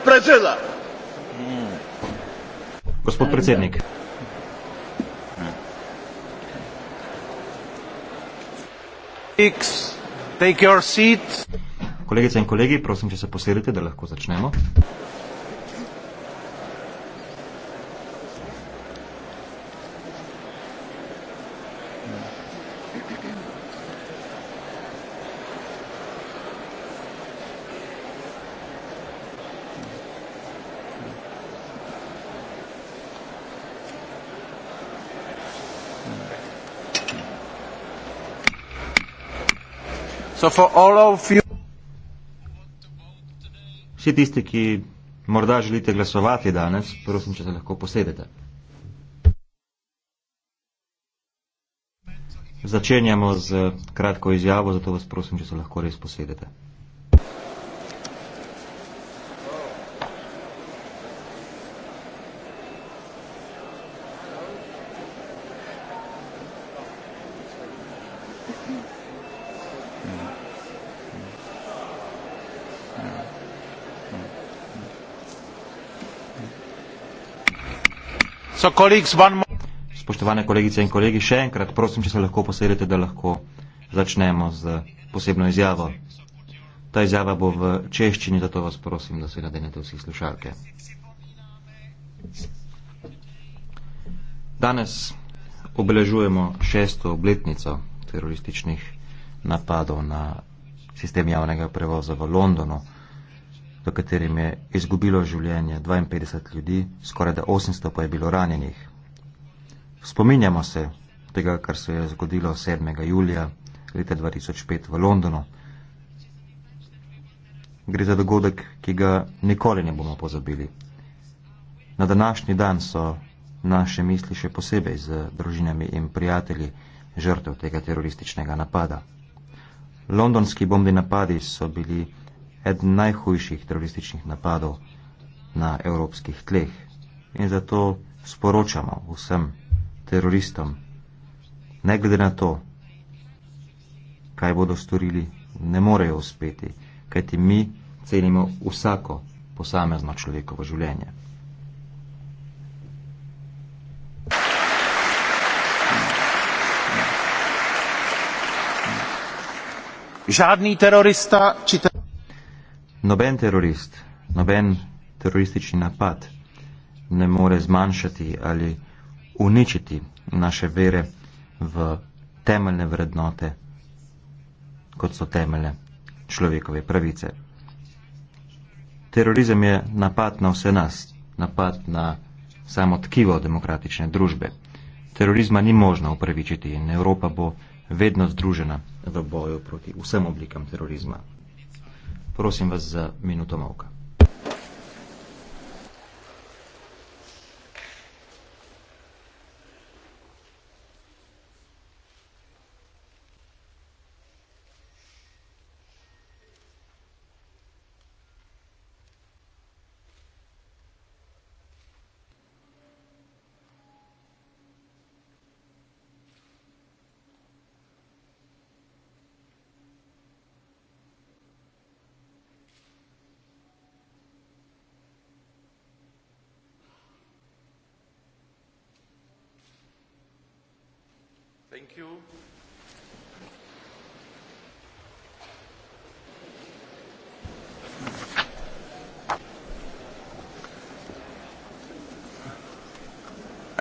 prevzela. Gospod predsednik. X, take your seat. Kolegice in kolegi, prosim, če se posedite, da lahko začnemo. So for all of you, vsi tisti, ki morda želite glasovati danes, prosim, če se lahko posedete. Začenjamo z eh, kratko izjavo, zato vas prosim, če se lahko res posedete. Thank you. Spoštovane kolegice in kolegi, še enkrat prosim, če se lahko posedete, da lahko začnemo z posebno izjavo. Ta izjava bo v češčini, zato vas prosim, da se nadenete vsi slušalke. Danes obeležujemo šesto obletnico terorističnih napadov na sistem javnega prevoza v Londonu v katerem je izgubilo življenje 52 ljudi, skoraj da 800 pa je bilo ranjenih. Spominjamo se tega, kar se je zgodilo 7. julija leta 2005 v Londonu. Gre za dogodek, ki ga nikoli ne bomo pozabili. Na današnji dan so naše misli še posebej z družinami in prijatelji žrtev tega terorističnega napada. Londonski bombni napadi so bili eden najhujših terorističnih napadov na evropskih tleh. In zato sporočamo vsem teroristom, ne glede na to, kaj bodo storili, ne morejo uspeti, kajti mi cenimo vsako posamezno človekovo življenje. Žádný terorista či teroristický noben terorist, noben teroristični napad ne more zmanjšati ali uničiti naše vere v temeljne vrednote, kot so temelje človekove pravice. Terorizem je napad na vse nas, napad na samo tkivo demokratične družbe. Terorizma ni možno upravičiti in Evropa bo vedno združena v boju proti vsem oblikam terorizma. Prosim vas za minuto molka. Thank you.